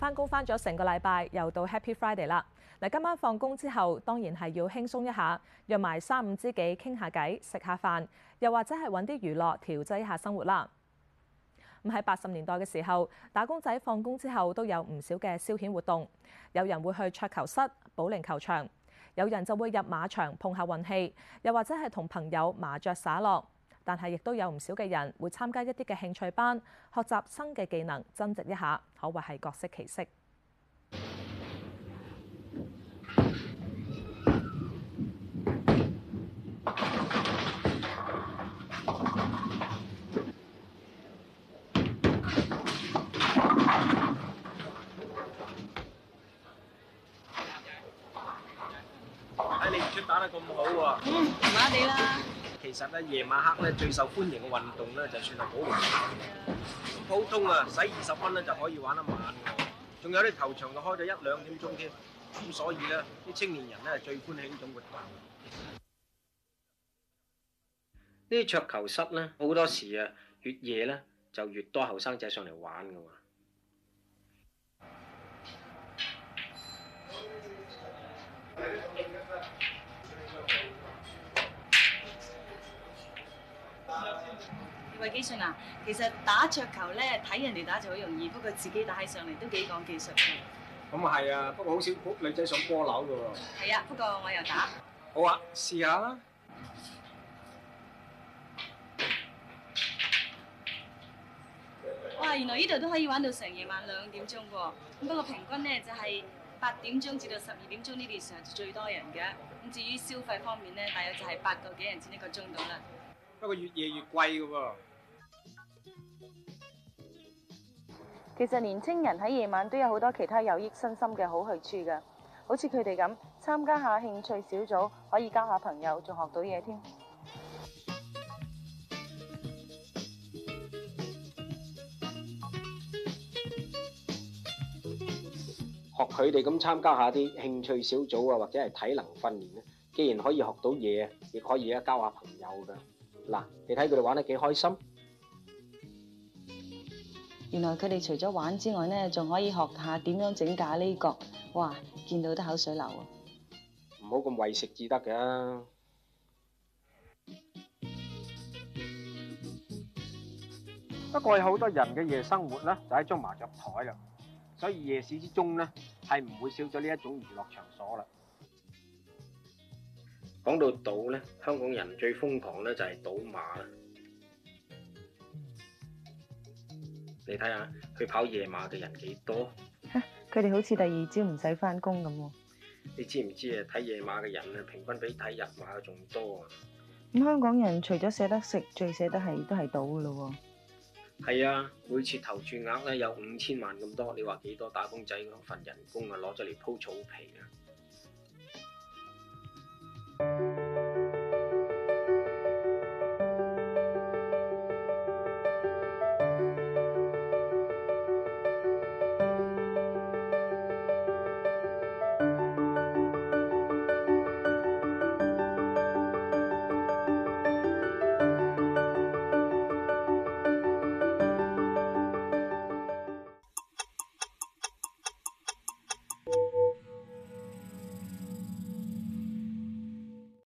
返工返咗成個禮拜，又到 Happy Friday 啦！嗱，今晚放工之後，當然係要輕鬆一下，約埋三五知己傾下偈，食下飯，又或者係揾啲娛樂調劑下生活啦。咁喺八十年代嘅時候，打工仔放工之後都有唔少嘅消遣活動，有人會去桌球室、保齡球場，有人就會入馬場碰下運氣，又或者係同朋友麻雀耍樂。但係亦都有唔少嘅人會參加一啲嘅興趣班，學習新嘅技能，增值一下，可謂係各適其適。哎，你唔出打得咁好喎。啊！麻麻，嗯，地啦其實咧，夜晚黑咧，最受歡迎嘅運動咧，就算係保齡球，普通啊，使二十蚊咧就可以玩一晚。仲有啲球場就開到一兩點鐘添。咁所以咧，啲青年人咧係最歡喜呢種活動。呢啲桌球室咧，好多時啊，越夜咧就越多後生仔上嚟玩噶嘛。魏紀順啊，其實打桌球咧睇人哋打就好容易，不過自己打起上嚟都幾講技術嘅。咁啊，係啊，不過好少女仔上波樓嘅喎。係啊，不過我又打。好啊，試下啦。哇，原來呢度都可以玩到成夜晚兩點鐘喎，咁不過平均咧就係八點鐘至到十二點鐘呢段時間最多人嘅，咁至於消費方面咧，大約就係八個幾銀錢一個鐘度啦。不過越夜越貴嘅喎。其實年青人喺夜晚都有好多其他有益身心嘅好去處㗎，好似佢哋咁參加下興趣小組，可以交下朋友，仲學到嘢添。學佢哋咁參加下啲興趣小組啊，或者係體能訓練咧，既然可以學到嘢，亦可以啊交下朋友㗎。嗱，你睇佢哋玩得幾開心。原來佢哋除咗玩之外咧，仲可以學下點樣整咖喱角，哇！見到都口水流啊。唔好咁餵食至得㗎。不過有好多人嘅夜生活咧，就喺張麻雀台啦。所以夜市之中咧，係唔會少咗呢一種娛樂場所啦。講到賭咧，香港人最瘋狂咧就係賭馬啦。你睇下，去跑夜馬嘅人幾多？佢哋好似第二朝唔使翻工咁喎。你知唔知啊？睇夜馬嘅人咧，平均比睇日馬仲多啊。咁香港人除咗捨得食，最捨得係都係賭噶咯。係啊，每次投注額咧有五千萬咁多，你話幾多打工仔嗰份人工啊，攞咗嚟鋪草皮啊？